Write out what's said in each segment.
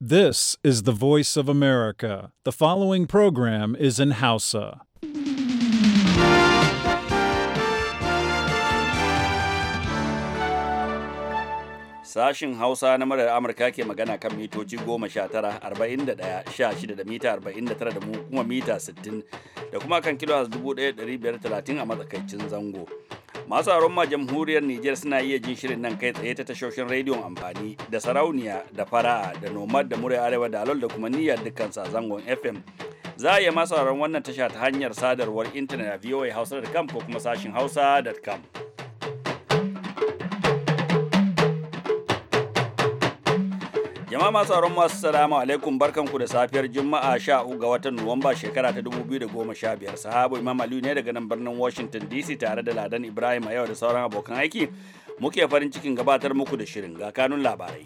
This is the voice of America. The following program is in Hausa. Sashin Hausa na murar Amurka ke magana kan mitoci goma sha tara, arba'in da ɗaya, sha shida da mita arba'in da tara da mu kuma mita sittin da kuma kan kilo a dubu ɗaya ɗari biyar talatin a matsakaicin zango. masu aron ma jamhuriyar Nijar suna iya jin shirin nan kai tsaye ta tashoshin rediyon amfani da sarauniya da fara'a da nomad da murya arewa da alol da kuma niyyar dukkan zangon FM. Za a iya masu wannan tasha ta hanyar sadarwar intanet a voahausa.com ko kuma sashin hausa.com. Jama'a masu auren masu salamu alaikum ku da safiyar Juma'a 13 ga watan Nuwamba shekara ta 2015. Sahabu Imam Aliyu ne daga nan birnin Washington DC tare da Ladan Ibrahim a yau da sauran abokan aiki. Muke farin cikin gabatar muku da shirin ga kanun labarai.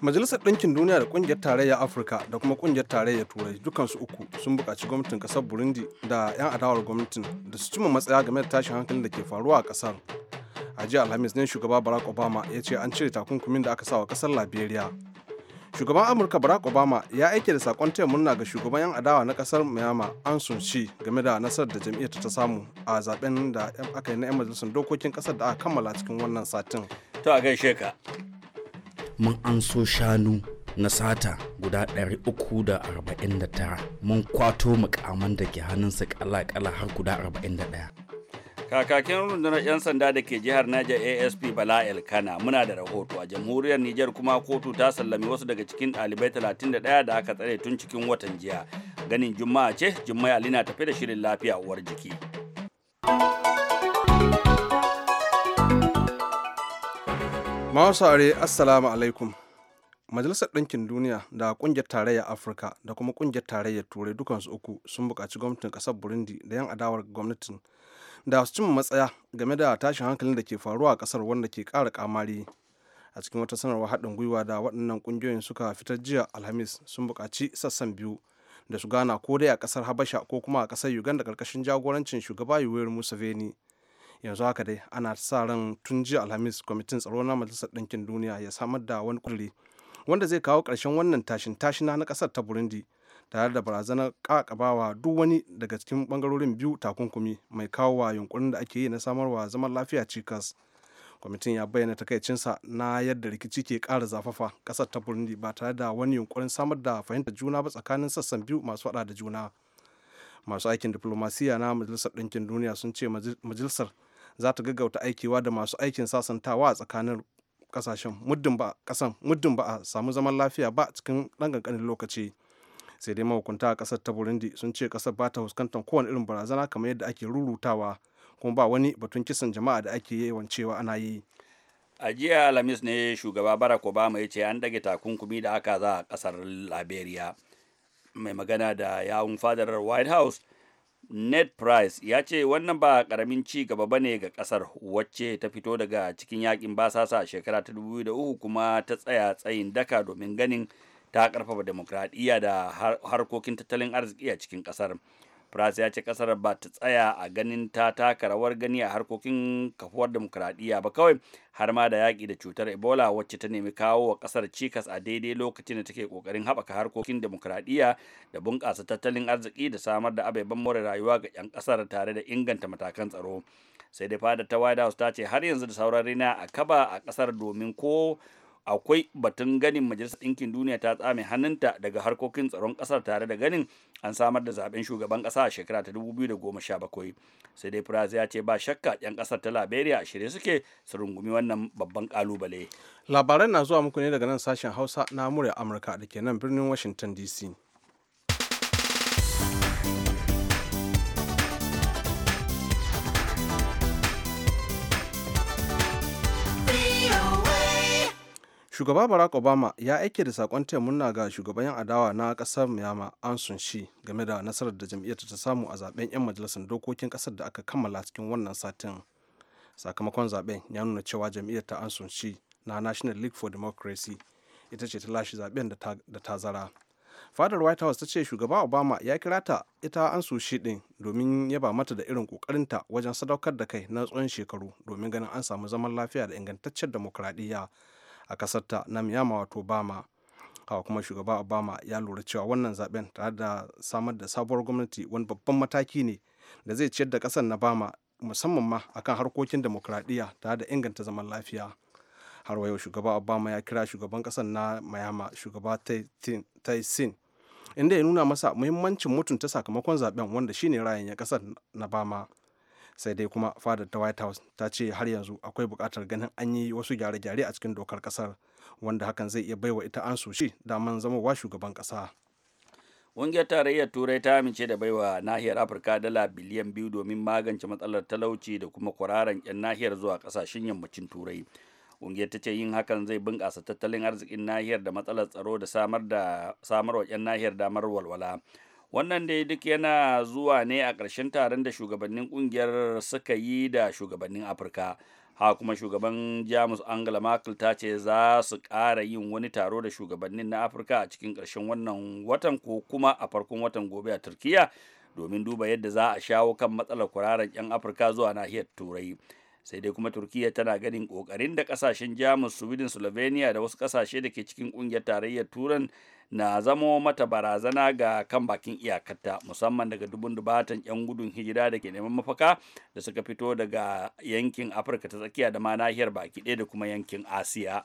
Majalisar Ɗinkin Duniya da Ƙungiyar Tarayya Afirka da kuma Ƙungiyar Tarayya Turai dukansu uku sun buƙaci gwamnatin ƙasar Burundi da 'yan adawar gwamnatin da su cimma matsaya game da tashin hankalin da ke faruwa a ƙasar. A jiya Alhamis ne shugaba Barack Obama ya ce an cire takunkumin da aka sa wa ƙasar Liberia shugaban amurka barack obama ya aike da sakon taya murna ga shugaban yan adawa na kasar miyama an ci game da nasarar da jam'iyyar ta samu a zaben da aka yi na yan majalisar dokokin kasar da aka kammala cikin wannan satin to a gaishe ka mun an so shanu na sata guda 349 mun kwato mukaman da ke hannunsa kala-kala har guda 41 kakakin rundunar 'yan sanda da ke jihar Niger asp bala el-kana muna da rahoto a jamhuriyar nijar kuma kotu ta sallami wasu daga cikin ɗalibai 31 da aka tsare tun cikin watan jiya ganin juma'a ce juma'a ali na tafi da shirin lafiya uwar jiki mawasare assalamu alaikum majalisar ɗinkin duniya da ƙungiyar tarayyar afirka da kuma ƙungiyar tarayyar turai dukansu uku sun buƙaci gwamnatin ƙasar burundi da yan adawar gwamnatin da su cimma matsaya game da tashin hankalin da ke faruwa a kasar wanda ke kara kamari a cikin wata sanarwar haɗin gwiwa da waɗannan ƙungiyoyin suka fitar jiya alhamis sun buƙaci sassan biyu da su gana ko dai a kasar habasha ko kuma a kasar uganda ƙarƙashin jagorancin shugaba yuweri museveni yanzu haka dai ana sa ran tun jiya alhamis kwamitin tsaro na majalisar ɗinkin duniya ya samar da wani kulli wanda zai kawo ƙarshen wannan tashin tashina na kasar ta burundi tare da barazanar kakabawa duk wani daga cikin bangarorin biyu takunkumi mai kawo wa yunkurin da ake yi na samarwa zaman lafiya cikas kwamitin ya bayyana takaicinsa na yadda rikici ke ƙara zafafa ƙasar ta burundi ba tare da wani yunkurin samar da fahimtar juna ba tsakanin sassan biyu masu faɗa da juna masu aikin diplomasiya na majalisar ɗinkin duniya sun ce majalisar za ta gaggauta aikewa da masu aikin sasantawa a tsakanin ƙasashen muddin ba a samu zaman lafiya ba cikin ɗan ƙanƙanin lokaci sai dai mahukunta a kasar ta burundi sun ce kasar ba ta fuskantar kowane irin barazana kamar yadda ake rurutawa kuma ba wani batun kisan jama'a da ake yawan cewa ana yi a jiya alhamis ne shugaba barack obama ya ce an dage takunkumi da aka za a kasar liberia mai magana da yawun fadar white house ned price ya ce wannan ba karamin ci gaba ba ne ga kasar wacce ta fito daga cikin yakin basasa shekara ta 2003 kuma ta tsaya tsayin daka domin ganin ta karfafa demokradiyya da harkokin tattalin arziki a cikin kasar Faransa ya ce kasar ba ta tsaya a ganin ta taka rawar gani a harkokin kafuwar demokuraɗiyya ba kawai har ma da yaƙi da cutar Ebola wacce ta nemi kawo wa ƙasar cikas a daidai lokacin da take ƙoƙarin haɓaka harkokin demokuraɗiyya da bunƙasa tattalin arziki da samar da ababen more rayuwa ga 'yan ƙasar tare da inganta matakan tsaro. Sai dai fadar ta White House ta ce har yanzu da sauran rina a kaba a ƙasar domin ko akwai batun ganin majalisar ɗinkin duniya ta tsame hannunta daga harkokin tsaron ƙasar tare da ganin an samar da zaben shugaban ƙasa a shekara ta 2017 sai dai firas ya ce ba shakka 'yan ƙasar ta liberia shirye suke su rungumi wannan babban kalubale. labaran na zuwa muku ne daga nan sashen hausa na murya amurka da ke nan birnin washington dc shugaba barack obama ya aike da sakon taya murna ga shugaban adawa na kasar miyama an sun shi game da nasarar da jam'iyyar ta samu a zaben yan majalisar dokokin kasar da aka kammala cikin wannan satin sakamakon zaben ya nuna cewa jam'iyyar ta an sun shi na national league for democracy ita ce ta lashe zaben da tazara fadar white house ta ce shugaba obama ya kira ta ita an shi din domin yaba mata da irin kokarinta wajen sadaukar da kai na tsawon shekaru domin ganin an samu zaman lafiya da ingantaccen demokradiyya a kasarta na miyama wato bama hawa kuma shugaba obama ya lura cewa wannan zaben tare da samar da sabuwar gwamnati wani babban mataki ne da zai ciyar da kasar na bama musamman ma akan harkokin demokradiyya tare da inganta zaman lafiya har wayo shugaba obama ya kira shugaban kasar na miyama shugaba taisin inda ya nuna masa muhimmancin mutunta sakamakon zaben wanda shine rayan ya kasar na bama sai dai kuma fadar ta white house ta ce har yanzu akwai bukatar ganin an yi wasu gyare-gyare a cikin dokar kasar wanda hakan zai iya baiwa ita an shi daman zamowa shugaban kasa. ƙungiyar tarayyar turai ta amince da baiwa nahiyar afirka dala biliyan biyu domin magance matsalar talauci da kuma kwararan 'yan nahiyar zuwa kasashen yammacin turai ƙungiyar ta ce yin hakan zai bunƙasa tattalin arzikin nahiyar da matsalar tsaro da samar da samarwa 'yan nahiyar damar walwala wannan dai duk yana zuwa ne a ƙarshen taron da shugabannin ƙungiyar suka yi da shugabannin afirka ha kuma shugaban jamus angela merkel ta ce za su ƙara yin wani taro da shugabannin na afirka a cikin ƙarshen wannan watan ko kuma a farkon watan gobe a turkiyya domin duba yadda za a shawo kan matsalar kuraren 'yan afirka zuwa nahiyar turai sai dai kuma turkiyya tana ganin ƙoƙarin da ƙasashen jamus sweden slovenia da wasu ƙasashe da ke cikin ƙungiyar tarayyar turan na zamo mata barazana ga kan bakin iyakarta musamman daga dubun dubatan 'yan gudun hijira da ke neman mafaka da suka fito daga yankin afirka ta tsakiya da ma nahiyar baki ɗaya da kuma yankin asiya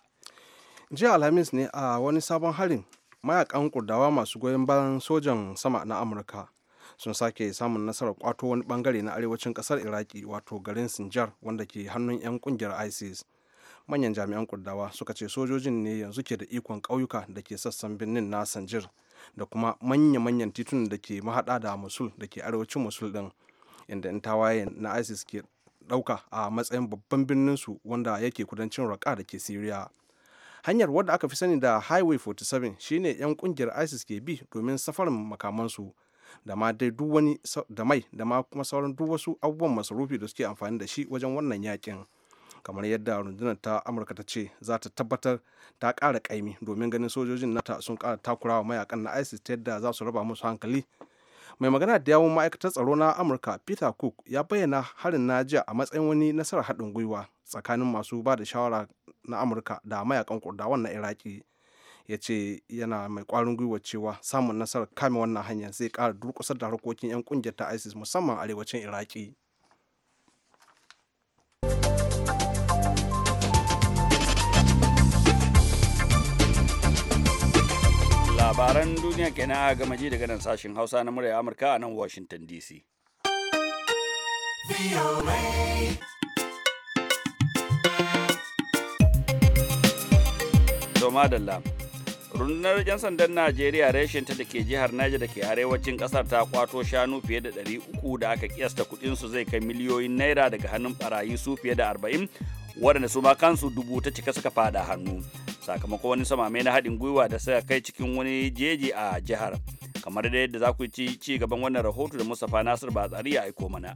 jiya alhamis ne a wani sabon harin mayakan kurdawa masu goyon bayan sojan sama na amurka sun sake samun nasarar kwato wani bangare na arewacin kasar iraki wato garin sinjar wanda ke hannun 'yan kungiyar isis manyan jami'an kurdawa suka ce sojojin ne yanzu ke da ikon ƙauyuka da ke sassan birnin na sanjir da kuma manya-manyan titunan da ke mahaɗa da musul da ke arewacin musul ɗin inda in tawaye na isis ke ɗauka a matsayin babban birnin su wanda yake kudancin raka da ke siriya hanyar wadda aka fi sani da highway 47 shine 'yan kungiyar isis ke bi domin safarin makamansu da ma dai duk wani da mai da ma kuma sauran duk wasu abubuwan masarufi da suke amfani da shi wajen wannan yakin. kamar yadda rundunar ta amurka ta ce za ta tabbatar ta ƙara ƙaimi domin ganin sojojin nata sun ƙara takurawa mayakan na isis ta yadda za su raba musu hankali mai magana da yawon ma'aikatar tsaro na amurka peter cook ya bayyana harin na jiya a matsayin wani nasarar haɗin gwiwa tsakanin masu ba da shawara na amurka da mayakan kurdawan na iraki ya ce yana mai kwarin gwiwa cewa samun nasarar kame wannan hanya zai ƙara durƙusar da harkokin 'yan ƙungiyar ta isis musamman arewacin iraki labaran duniya kenan a gama ji daga nan sashen hausa na murya amurka a nan washington dc Doma Dalla rundunar 'yan sandan najeriya ta da ke jihar niger da ke arewacin kasar ta kwato shanu fiye da 300 da aka kiyasta su zai kai miliyoyin naira daga hannun barayi su fiye da 40 waɗanda su ma kansu dubu ta cika suka fada hannu sakamakon wani samame na haɗin gwiwa da suka kai cikin wani jeji a jihar kamar da yadda za ku ci ci gaban wannan rahoto da Mustapha Nasir Batsari ya aiko mana.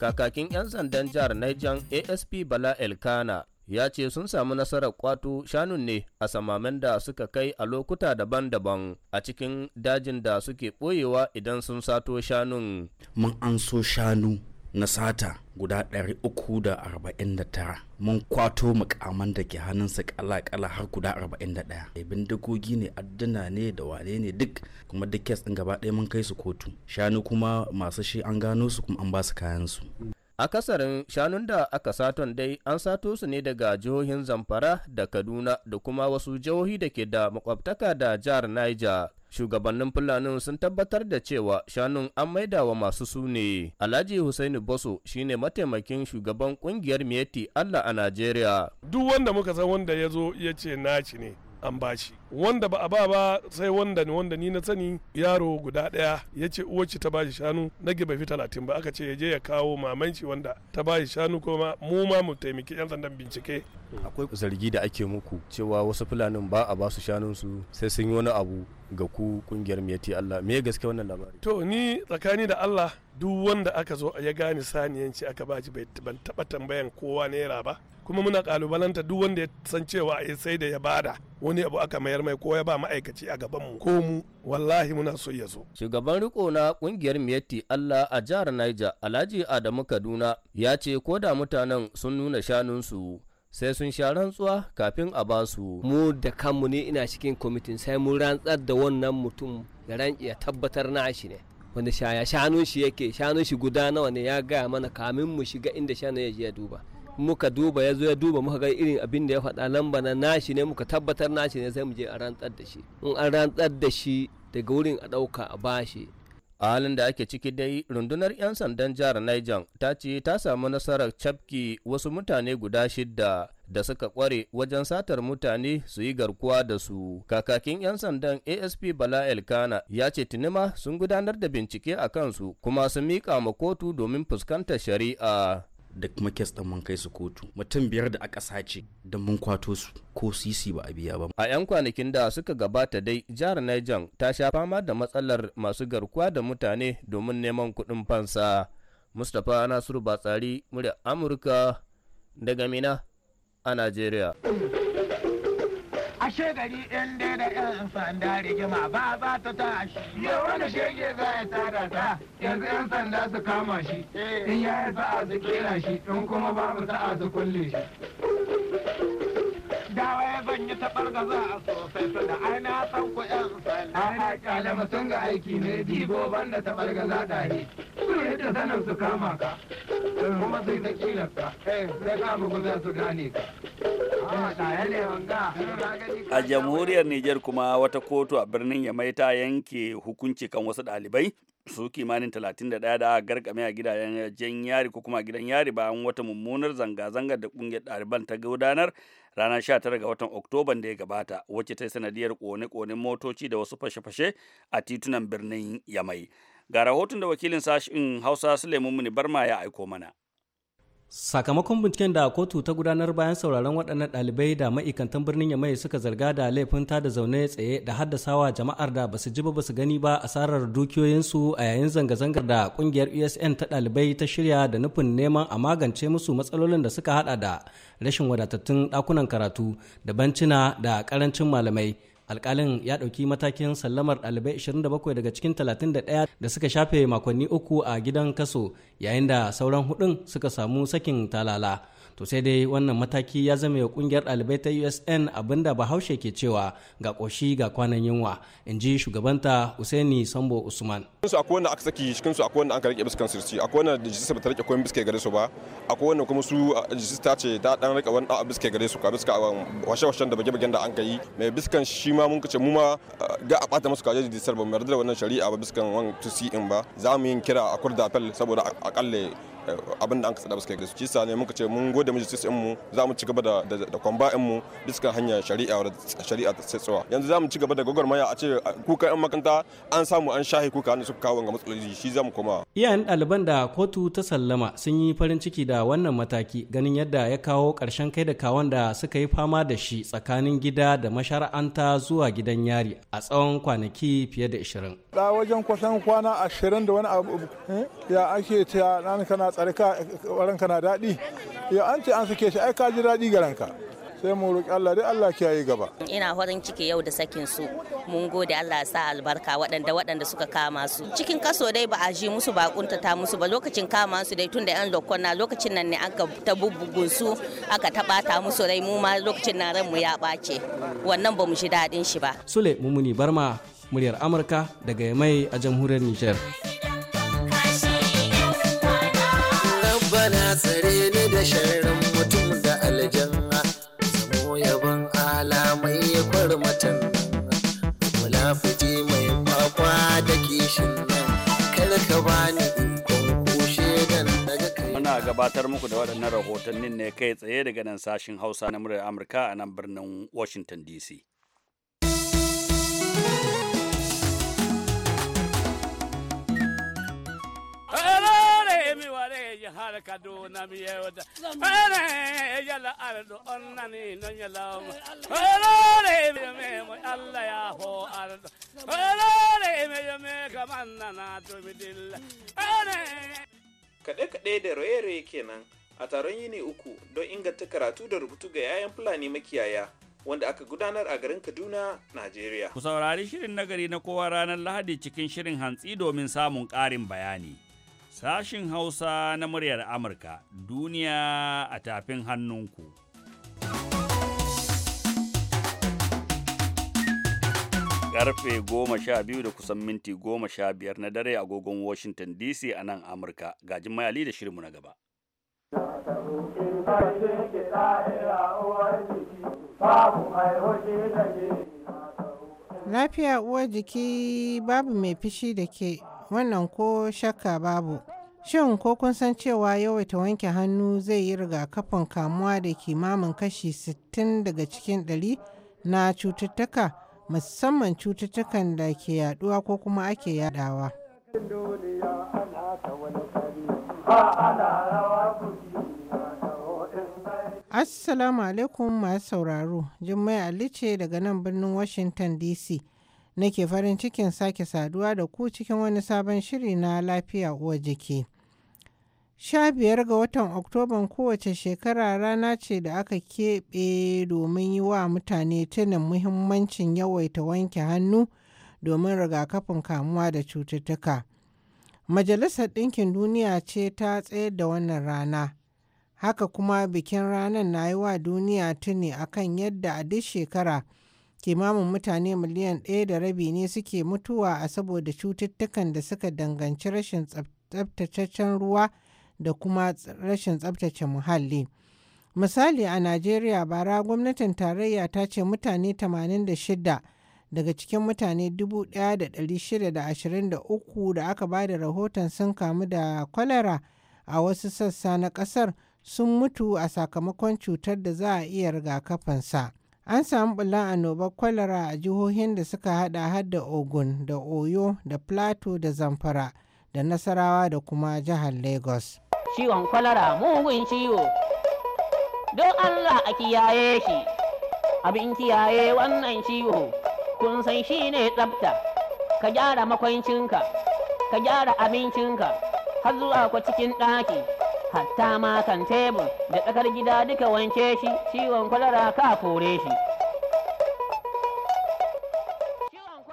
Kakakin 'yan sandan jihar Niger ASP Bala Elkana ya ce sun samu nasarar kwato shanun ne a samamen da suka kai a lokuta daban-daban a cikin dajin da suke ɓoyewa idan sun sato shanun. Mun an so shanu na sata guda 349 mun kwato mukaman da ke hannunsa kala-kala har guda 41 bindigogi ne adduna ne da wane ne duk kuma duk kes ɗin gaba ɗaya mun kai su kotu shanu kuma masu shi an gano su kuma an ba su kayan su akasarin shanun da aka saton dai an sato su ne daga jihohin zamfara da kaduna da kuma wasu jihohi da ke da makwabtaka da jihar niger shugabannin fulanin sun tabbatar da cewa shanun an maida wa masu su ne alhaji husaini boso shine mataimakin shugaban kungiyar miyeti allah a najeriya duk wanda muka san wanda ya zo ya ce naci ne an bashi wanda ba a ba ba sai wanda ni wanda ni na sani yaro guda daya ya ce uwaci ta bashi shanu na bai fi talatin ba aka ce ya je ya kawo maman shi wanda ta bashi shanu kuma mu ma mu taimaki yan sandan bincike akwai zargi da ake muku cewa wasu fulanin ba a basu shanun su sai sun yi wani abu ga ku kungiyar miyati Allah me gaske wannan labari to ni tsakani da Allah duk wanda aka zo ya gane saniyanci aka baji ban taba tambayan kowa naira ba kuma muna kalubalanta duk wanda ya san cewa ya sai da ya bada wani abu aka mayar mai ko ya ba ma'aikaci a gaban mu ko mu wallahi muna so ya zo shugaban riko na kungiyar miyatti Allah a jihar Niger Alhaji Adamu Kaduna ya ce ko da mutanen sun nuna shanunsu sai sun sha rantsuwa kafin a basu mu da kanmu ne ina cikin kwamitin sai mun rantsar da wannan mutum ya tabbatar na shi ne wanda shaya shanun shi yake shanun shi guda nawa ne ya gaya mana kamin mu shiga inda shanun ya je ya duba muka duba ya zo ya duba muka ga irin abin da ya faɗa lamba na nashi ne muka tabbatar nashi ne sai mu je a rantsar da shi in an rantsar da shi daga wurin a ɗauka a bashi a halin da ake ciki dai rundunar 'yan sandan jihar Niger ta ce ta samu nasarar cafke wasu mutane guda shidda da suka kware wajen satar mutane su yi garkuwa da su kakakin 'yan sandan asp bala elkana ya ce tunima sun gudanar da bincike a kansu kuma sun miƙa ma kotu domin fuskantar shari'a da kuma kes ɗin mun kai su kotu mutum biyar da aka sace da mun kwato su ko sisi ba a biya ba. A 'yan kwanakin da suka gabata dai jihar Niger ta sha fama da matsalar masu garkuwa da mutane domin neman kuɗin fansa. Mustapha Nasiru Batsari, murya Amurka daga Mina a Najeriya. ashe gari ɗin dai da yan sanda rigima ba za ta tashi ya wani shege za ya tada ta yanzu yan sanda su kama shi eh. in ya yi a su kera shi in kuma ba babu sa'a su kulle shi dawa ya zan yi taɓar ga za a sosai su da aina san ku yan sanda aina sun ga aiki ne dibo banda ta ga za ta yi su yadda sanin su kama ka kuma sai ta kila ka eh. sai ka bugu za su gane ka A jamhuriyar Nijar kuma wata kotu a birnin Yamai ta yanke hukunci kan wasu ɗalibai su kimanin 31 da garkame a gidajen yari ko kuma gidan yari bayan wata mummunar zanga-zangar da kungiyar ɗaliban ta gudanar ranar 19 ga watan Oktoban da ya gabata wacce ta sanadiyar kone-konen motoci da wasu fashe-fashe a titunan birnin Yamai. Ga rahoton da wakilin sashin Hausa Suleiman Muni Barma ya aiko mana. sakamakon binciken da kotu ta gudanar bayan sauraron waɗannan ɗalibai da ma'aikatan birnin yamai suka zarga da laifin ta da zaune tsaye da haddasawa jama'ar da basu ji ba basu gani ba asarar dukiyoyinsu a yayin zanga-zangar da ƙungiyar usn ta ɗalibai ta shirya da nufin neman a magance musu matsalolin da suka haɗa da rashin wadatattun ɗakunan karatu da bancina da ƙarancin malamai alkalin ya ɗauki matakin sallamar ɗalibai 27 daga cikin 31 da suka shafe makonni uku a gidan kaso yayin da sauran hudun suka samu sakin talala to sai dai wannan mataki ya zama ya kungiyar ɗalibai ta usn abinda bahaushe ke cewa ga ƙoshi ga kwanan yunwa in ji shugabanta usaini sambo usman su akwai wanda aka saki shi kansu akwai wanda an rike biskan sirci akwai wanda jisista ba ta rike komai biske gare su ba akwai wanda kuma su jisista ce ta dan rike wani a biske gare su ka biska washe-washen da bage-bagen da an kai mai biskan shi ma mun kace mu ma ga a bata musu kaje jistar ba mu yarda da wannan shari'a ba biskan wani tusi in ba za mu yin kira a kurda apel saboda akalle Eh, abin da an kasa da basu kai su cisa ne muka ce mun gode majalis din mu za mu ci gaba da da kwamba in mu bisa hanya shari'a da shari'a ta tsatsowa yanzu za mu ci gaba da gwagwarmaya a ce kuka yan makaranta an samu an shahi kuka ne suka kawo ga matsaloli shi za mu koma iyayen ɗaliban da kotu ta sallama sun yi farin ciki da wannan mataki ganin yadda ya kawo ƙarshen kai da kawon da suka yi fama da shi tsakanin gida da mashara'anta zuwa gidan yari a tsawon kwanaki fiye da 20 da wajen kusan kwana 20 da wani abu eh, ya ake ta nan kana tsare ranka na daɗi ya an ce an sake shi ai ka ji daɗi ga ranka sai mu roƙi Allah dai Allah kiyaye gaba ina farin ciki yau da sakin su mun gode Allah sa albarka waɗanda waɗanda suka kama su cikin kaso dai ba a ji musu ba kuntata musu ba lokacin kama su dai tunda yan lokona lokacin nan ne aka ta su aka ta musu rai mu ma lokacin nan ran mu ya ɓace wannan ba mu ji daɗin shi ba sule mumuni barma muryar amurka daga mai a jamhuriyar nijar tsare ni da sharrin mutum da aljanna samo yaban alamai ya kwarmatan fiti mai kwakwa da kishin kar ka bani muna gabatar muku da waɗannan rahotannin ne kai tsaye daga nan sashin Hausa na muryar Amurka a nan birnin Washington DC har kaduna mi kaɗe-kaɗe da raye-raye kenan a taron yini uku don inganta karatu da rubutu ga 'ya'yan fulani makiyaya wanda aka gudanar a garin kaduna najeriya ku saurari shirin nagari na kowa ranar lahadi cikin shirin hantsi domin samun ƙarin bayani Sashin Hausa na muryar Amurka duniya a tafin hannunku. Karfe goma sha biyu da kusan minti goma sha biyar na dare agogon Washington DC a nan Amurka gajin mayali da shirinmu na gaba. Lafiya uwar jiki babu mai fishi da ke wannan ko shakka babu. Shin ko kun san cewa yawaita wanke hannu zai yi rigakafin kamuwa da kimamin kashi 60 daga cikin ɗari na cututtuka musamman cututtukan da ke yaduwa ko kuma ake yadawa. Assalamu alaikum masu sauraro, jimai Ali ce daga nan birnin Washington DC. nake farin cikin sake saduwa da ku cikin wani sabon shiri na lafiya uwa jiki. Sha biyar ga watan Oktoban kowace shekara rana ce da aka keɓe domin yi wa mutane tunan muhimmancin yawaita wanke hannu domin rigakafin kamuwa da cututtuka. Majalisar Ɗinkin Duniya ce ta tsayar da wannan rana. Haka kuma bikin ranar na yi wa duniya tuni akan yadda a duk shekara kimamin mutane miliyan ɗaya da rabi ne suke mutuwa a saboda cututtukan da suka danganci rashin tsabtataccen ruwa da kuma rashin tsabtace muhalli. Misali a Najeriya bara gwamnatin tarayya ta ce mutane 86 daga cikin mutane 1,623 da aka ba da rahoton sun kamu da kwalara a wasu sassa na ƙasar sun mutu a sakamakon cutar da za a iya rigakafinsa. An samu bula annobar kwalara a jihohin da suka hada hadda Ogun da Oyo da Plateau da Zamfara da Nasarawa da kuma jihar Lagos. Ciwon kwalara mugun ciwo. Don Allah a kiyaye shi, abin kiyaye wannan ciwo, kun san shi ne tsafta, ka gyara makwancinka, ka gyara abincinka, har zuwa ku cikin ɗaki. hatta ma kan tebur da tsakar gida duka wanke shi ciwon kwalara ka kore shi.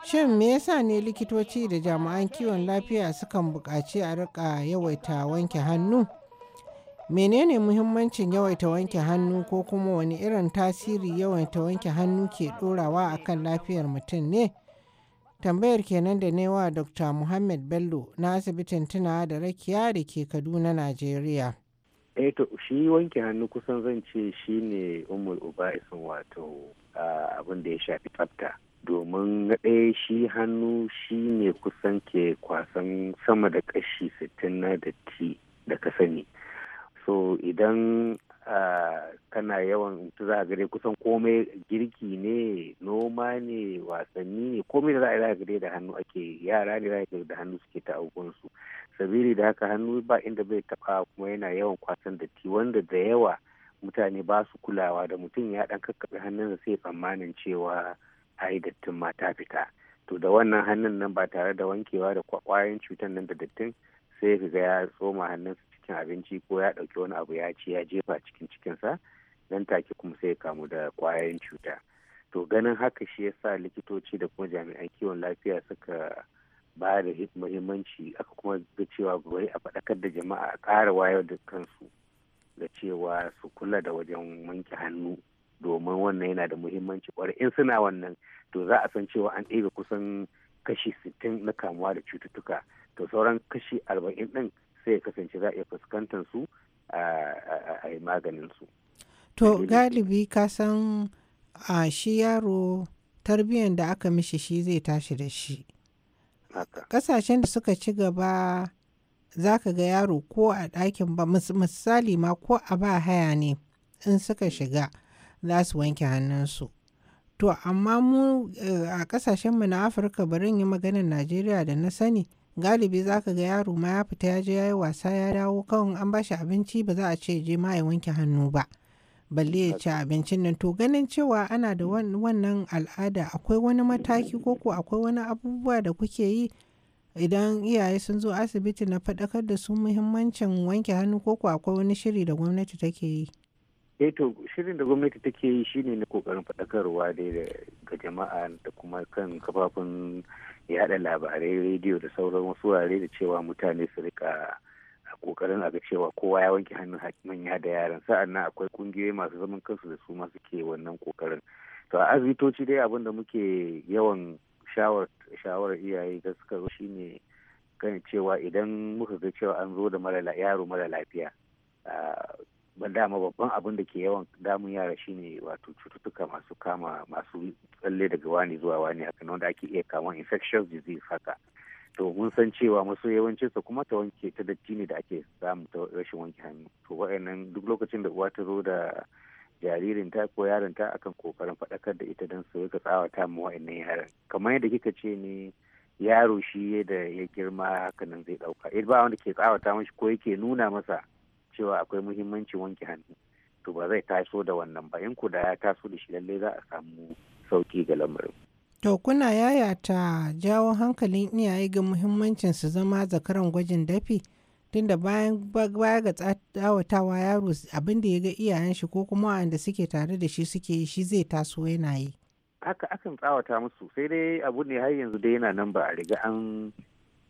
Shin me yasa ne likitoci da jami'an kiwon lafiya sukan bukaci a rika yawaita wanke hannu? Menene muhimmancin yawaita wanke hannu ko kuma wani irin tasiri yawaita wanke hannu ke ɗorawa a kan lafiyar mutum ne? Tambayar kenan da newa Dr. Muhammad Bello na asibitin tuna da rakiya da ke Kaduna, Najeriya. eh to shi wanke hannu kusan zan ce shi ne uba isan wato ah, abin da ya shafi tsafta domin na eh, ɗaya shi hannu shi ne kusan ke kwasan sama da kashi sittin na datti da ka sani so idan kana yawan za a gare kusan komai girki ne noma ne wasanni ne komai da za a yi gare da hannu ake yara ne za a da hannu suke ta su sabili da haka hannu ba inda bai taba kuma yana yawan kwasan datti wanda da yawa mutane ba su kulawa da mutum ya ɗan kakkaɓe hannun sai tsammanin cewa a yi dattin mata fita to da wannan hannun nan ba tare da wankewa da kwayoyin cutar nan da dattin sai ya ga ya tsoma hannun hannunsa cikin abinci ko ya ɗauki wani abu ya ci ya jefa cikin cikinsa nan take kuma sai ya kamu da kwayoyin cuta to ganin haka shi yasa likitoci da kuma jami'an kiwon lafiya suka ba da muhimmanci aka kuma ga cewa gobe a faɗakar da jama'a a ƙara wayar da kansu da cewa su kula da wajen wanke hannu domin wannan yana da muhimmanci kwarai in suna wannan to za a san cewa an ɗebe kusan kashi sittin na kamuwa da cututtuka to sauran kashi arba'in ɗin sai ya kasance za a iya fuskantar su a yi maganin su. To galibi ka san a shi yaro tarbiyyar da aka mishi shi zai tashi da shi. kasashen da suka ci gaba za ka ga yaro ko a ɗakin ba misali ma ko a ba haya ne in suka mm. shiga za su wanke hannunsu to amma mu eh, a ƙasashenmu na afirka bari yi maganar najeriya da na sani galibi za ka ga yaro ma ya fita ya je ya yi wasa ya dawo kawai an ba shi abinci ba za a ce je ma ya wanke hannu ba balle ya ci abincin nan to ganin cewa ana da wannan al'ada akwai wani mataki ko ko akwai wani abubuwa da kuke yi idan iyaye sun zo asibiti na faɗakar da su muhimmancin wanke hannu ko ko akwai wani shiri da gwamnati take yi eh to shirin da gwamnati take yi shine na kokarin faɗakarwa dai ga jama'a da kuma kan kafafun yaɗa labarai rediyo da sauran wasu wurare da cewa mutane su rika kokarin a ga cewa kowa ya wanke hannun manya da yaran sa'an nan akwai kungiyoyi masu zaman kansu da su ma suke wannan kokarin to a asibitoci dai abin da muke yawan shawarar iyaye da suka zo shine kan cewa idan muka ga cewa an zo da yaro mara lafiya ah, dama babban abin da ke yawan damun yara shine wato cututtuka masu kama masu tsalle daga wani zuwa wani haka wanda ake iya kama infectious disease haka to mun san cewa masu yawancin su kuma ta wanke ta datti ne da ake samu ta rashin wanke hannu to wa'annan duk lokacin da uwa ta zo da jaririn ta ko yaron ta akan kokarin faɗakar da ita don su rika tsawata mu wa'annan yaran kamar yadda kika ce ne yaro shi da ya girma hakanan zai ɗauka eh, ba wanda ke tsawata mashi ko yake nuna masa cewa akwai muhimmanci wanke hannu to ba zai taso da wannan ba in da ya taso da shi lalle za a samu sauki ga lamarin. To kuna yayata jawo hankalin iyaye ga muhimmancin su zama zakaran gwajin dafi tunda bayan baya ga tsawatawa yaro abin da ya ga iyayen shi ko kuma wanda suke tare da shi suke yi shi zai taso yana yi. Haka akan tsawata musu sai dai abu ne har yanzu dai yana nan ba a riga an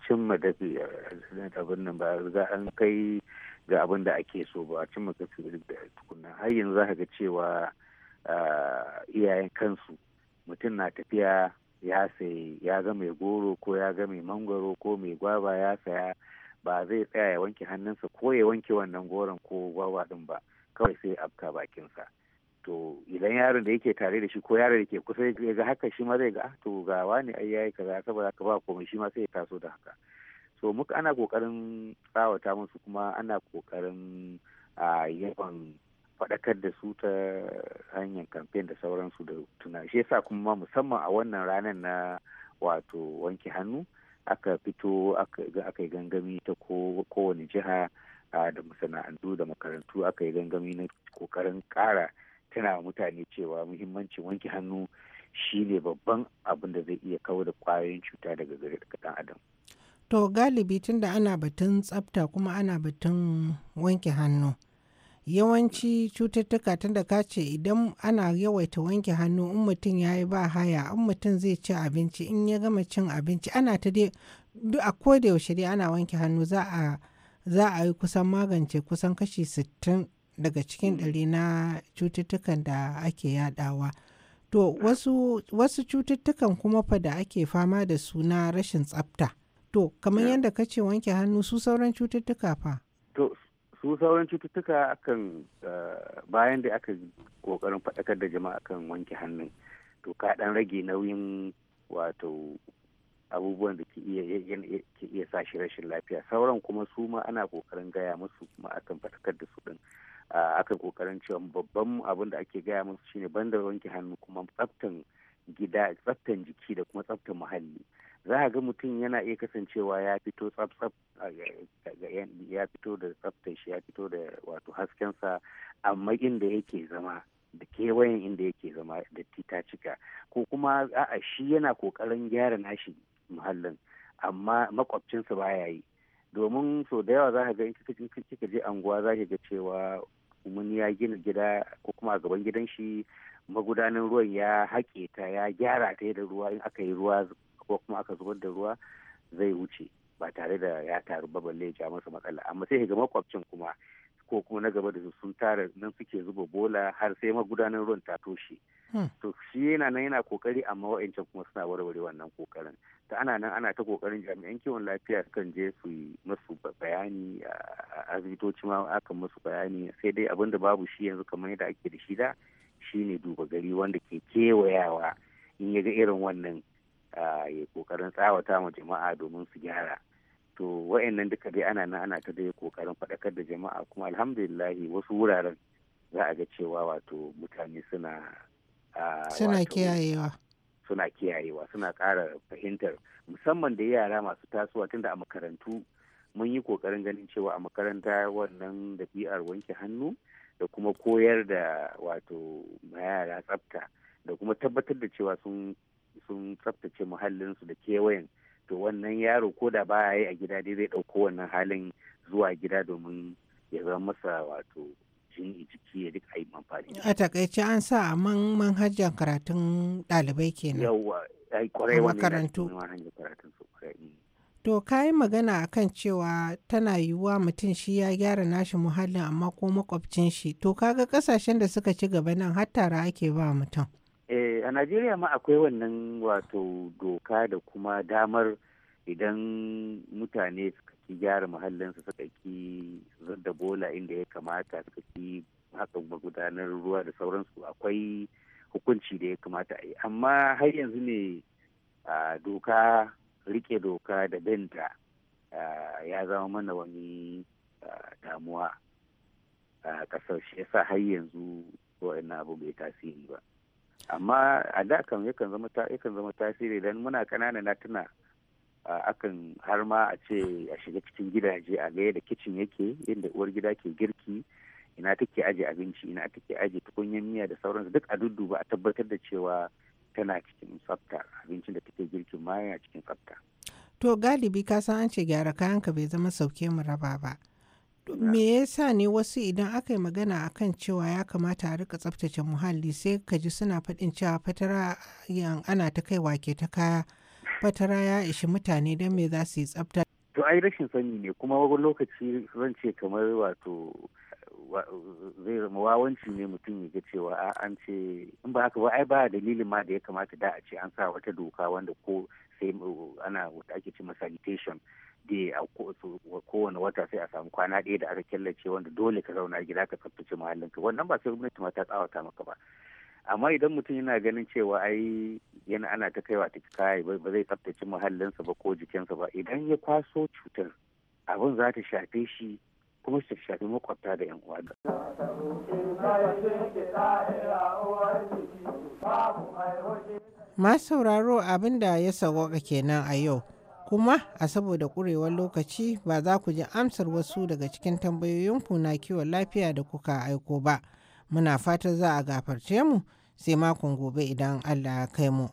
cimma dafi eh, abin nan ba a riga an kai ga abin da ake so ba a cimma kafin da tukunna har yanzu ka ga cewa iyayen kansu mutum na tafiya ya sai ya ga mai goro ko ya ga mai mangoro ko mai gwaba ya saya ba zai tsaya ya wanke hannunsa ko ya wanke wannan goron ko gwaba din ba kawai sai afka bakinsa to idan yaron da yake tare da shi ko yaron da ke kusa ya ga haka shi ma zai ga ah, to ga wani ai yayi kaza saboda haka ba komai shi ma sai ya taso da haka so muka ana kokarin tsawata musu kuma ana kokarin a yawan faɗakar da su ta hanyar kamfen da sauransu da tuna shi yasa kuma musamman a wannan ranar na wato wanke hannu aka fito aka yi gangami ta kowane jiha da masana'antu da makarantu aka yi gangami na kokarin ƙara tana mutane cewa muhimmancin wanke hannu shi ne babban abin da zai iya kawo da kwayoyin cuta daga gare ɗan adam. To galibi tun da ana batun tsafta kuma ana batun wanke hannu. Yawanci cututtuka tun da ka ce idan ana yawaita wanke hannu in mutum ya yi ba haya in mutum zai ci abinci in ya gama cin abinci ana ta dai duk a koda yaushe dai ana wanke hannu za a za a yi kusan magance kusan kashi 60 daga cikin hmm. ɗari na cututtukan da ake yadawa. To wasu wasu cututtukan kuma fa da ake fama da su na rashin tsafta. To, kamar yadda ka ce wanke hannu su sauran cututtuka fa? To, su sauran cututtuka akan eh, bayan da aka kokarin faɗakar da jama'a kan wanke hannu To, ka ɗan rage nauyin wato abubuwan da ke iya sa shi rashin lafiya. Sauran kuma su ma ana kokarin gaya musu kuma akan faɗakar da su ɗin. aka kokarin cewa babban abin da ake gaya musu shine banda wanke hannu kuma tsaftan gida tsaftan jiki da kuma tsaftan muhalli. za a ga mutum yana iya kasancewa ya fito tsaf ya fito da tsaftar shi ya fito da wato haskensa amma inda yake zama da kewayen inda yake zama da tita cika ko kuma a'a shi yana kokarin gyara nashi muhallin amma makwabcinsa baya yi domin sau da yawa za ka ga in kika je anguwa za ka ga cewa wani ya gina gida ko kuma a gaban gidan shi magudanin ruwan ya haƙe ta ya gyara ta da ruwa in aka yi ruwa ko kuma aka zubar da ruwa zai wuce ba tare da ya taru ba balle ya masa matsala amma sai ga makwabcin kuma ko kuma na gaba da su sun tara nan suke zuba bola har sai magudanar ruwan ta toshe hmm. to shi yana nan yana kokari amma wa'ancan kuma suna warware wannan kokarin ta ana nan ana ta kokarin jami'an kiwon lafiya kan je su yi masu bayani a asibitoci ma aka masu bayani sai dai abin da babu shi yanzu kamar yadda ake da shi da shine duba gari wanda ke kewayawa in ya ga irin wannan ya kokarin tsawata ma jama'a domin su gyara to wa'annan duka dai ana nan ana ta dai kokarin faɗakar da jama'a kuma alhamdulillahi wasu wuraren za a ga cewa wato mutane suna suna kiyayewa suna kiyayewa suna ƙara fahimtar musamman da yara masu tasowa tunda a makarantu mun yi kokarin ganin cewa a makaranta wannan ɗabi'ar wanke hannu da kuma koyar da wato yara tsafta da kuma tabbatar da cewa sun sun tsaftace muhallinsu da kewayen to wannan yaro ko da baya yi a gida dai zai ɗauko wannan halin zuwa gida domin ya zama masa wato jini jiki ya duk ayi amfani. A takaice an sa a man manhajar karatun ɗalibai kenan. Yawwa, ai kwarai wannan makarantu. Mm. To ka yi magana a kan cewa tana yiwuwa mutum shi ya gyara nashi muhallin amma ko makwabcin shi to kaga kasashen da suka ci gaba nan har tara ake ba mutum. Eh, a najeriya ma akwai wannan wato doka da kuma damar idan mutane suka ki gyara muhallinsu suka ki da bola inda ya kamata suka ki haka magudanar ruwa da sauransu akwai hukunci da ya kamata a yi amma har yanzu ne doka rike doka da binta ya zama mana wani damuwa a kasar shi yasa har yanzu wa'annan abu bai tasiri ba amma a da kan yakan zama yakan zama tasiri dan muna kanana na tuna akan har ma a ce a shiga cikin gidaje a ga da kicin yake inda uwar gida ke girki ina take aje abinci ina take aje tukunyar miya da sauransu duk a dudduba a tabbatar da cewa tana cikin tsafta abincin da take girkin ma yana cikin tsafta to galibi ka san an ce gyara kayanka bai zama sauke mu raba ba me yasa ne wasu idan aka yi magana akan cewa ya kamata a rika tsaftace muhalli sai ka ji suna faɗin cewa fatara yan ana ta kai wake ta kaya fatara ya ishi mutane don me za su yi tsafta to ai rashin sani ne kuma wani lokaci zan ce kamar wato zai zama wawanci ne mutum ya ga cewa an ce in ba haka ba ai ba dalilin ma da ya kamata da a ce an sa wata doka wanda ko sai ana ake ce sanitation da a kowane wata sai a samu kwana ɗaya da aka killace wanda dole ka zauna gida ka tsaftace ka wannan ba sai gwamnati ma ta tsawata maka ba amma idan mutum yana ganin cewa ai yana ana ta kaiwa ta kai ba zai tsaftace muhallinsa ba ko jikinsa ba idan ya kwaso cutar abin za ta shafe shi kuma su shafi makwabta da yan uwa. Ma sauraro abin da ya sawwaka kenan a yau kuma a saboda ƙurewar lokaci ba za ku ji amsar wasu daga cikin tambayoyinku na kiwon lafiya da kuka aiko ba muna fata za a gafarce mu sai makon gobe idan allah ya kai mu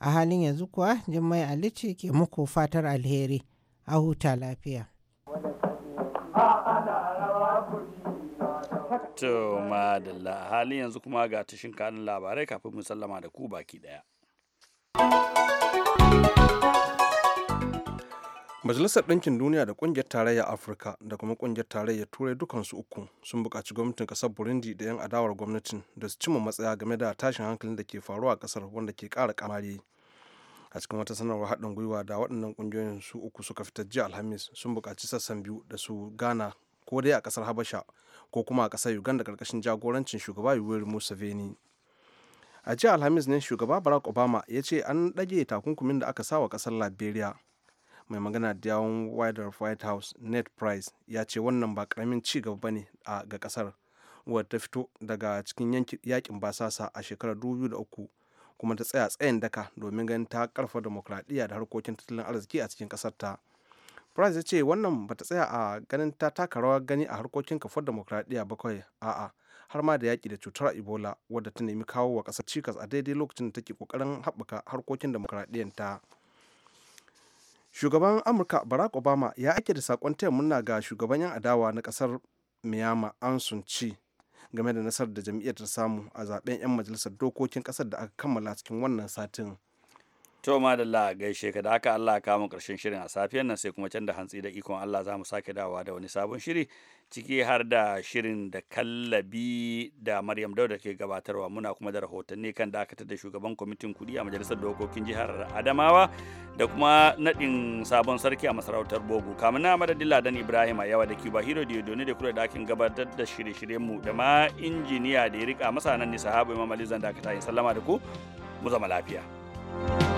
a halin yanzu kuwa jimmai alice ke muku fatar alheri a huta lafiya to madalla halin yanzu kuma ga tashin kanin labarai kafin mu sallama da ku baki daya majalisar ɗinkin duniya da ƙungiyar tarayyar afirka da kuma ƙungiyar tarayyar turai dukansu uku sun buƙaci gwamnatin ƙasar burundi da 'yan adawar gwamnatin da su cimma matsaya game da tashin hankalin da ke faruwa a ƙasar wanda ke ƙara kamari a cikin wata sanarwar haɗin gwiwa da waɗannan ƙungiyoyin su uku suka fitar jiya alhamis sun buƙaci sassan biyu da su ghana ko dai a ƙasar habasha ko kuma a ƙasar uganda ƙarƙashin jagorancin shugaba yoweri museveni a jiya alhamis ne shugaba barack obama ya ce an ɗage takunkumin da aka sa wa ƙasar liberia mai magana da yawon wider white house ned price ya ce wannan ba karamin ci gaba ba ne ga kasar wadda ta fito daga cikin yakin basasa a shekarar 2003 kuma ta tsaya tsayin daka domin ganin ta karfa demokradiyya da harkokin tattalin arziki a cikin kasar ta price ya ce wannan ba ta tsaya a ganin ta taka rawar gani a harkokin kafar demokradiyya bakwai a'a har ma da yaki da cutar ebola wadda ta nemi kawo wa ƙasar cikas a daidai lokacin da take ƙoƙarin haɓaka harkokin demokradiyyar ta. shugaban amurka barack obama ya ake da sakon taya murna ga shugaban yan adawa na kasar miyama sun ci game da nasarar da jam'iyyar ta samu a zaben yan majalisar dokokin ƙasar da aka kammala cikin wannan satin to madalla gaishe ka da haka Allah ka mu karshen shirin a safiyar nan sai kuma can da hantsi da ikon Allah za mu sake dawowa da wani sabon shiri ciki har da shirin da kallabi da maryam dauda ke gabatarwa muna kuma da rahotanni kan dakatar da shugaban kwamitin kudi a majalisar dokokin jihar adamawa da kuma nadin sabon sarki a masarautar bogu kamun na madadin ladan ibrahim a yawa da cuba hero diodone da kula dakin gabatar da shirye-shiryen mu da ma injiniya da ya rika masa nan ne sahabu imam ali dakata in sallama da ku mu zama lafiya. thank you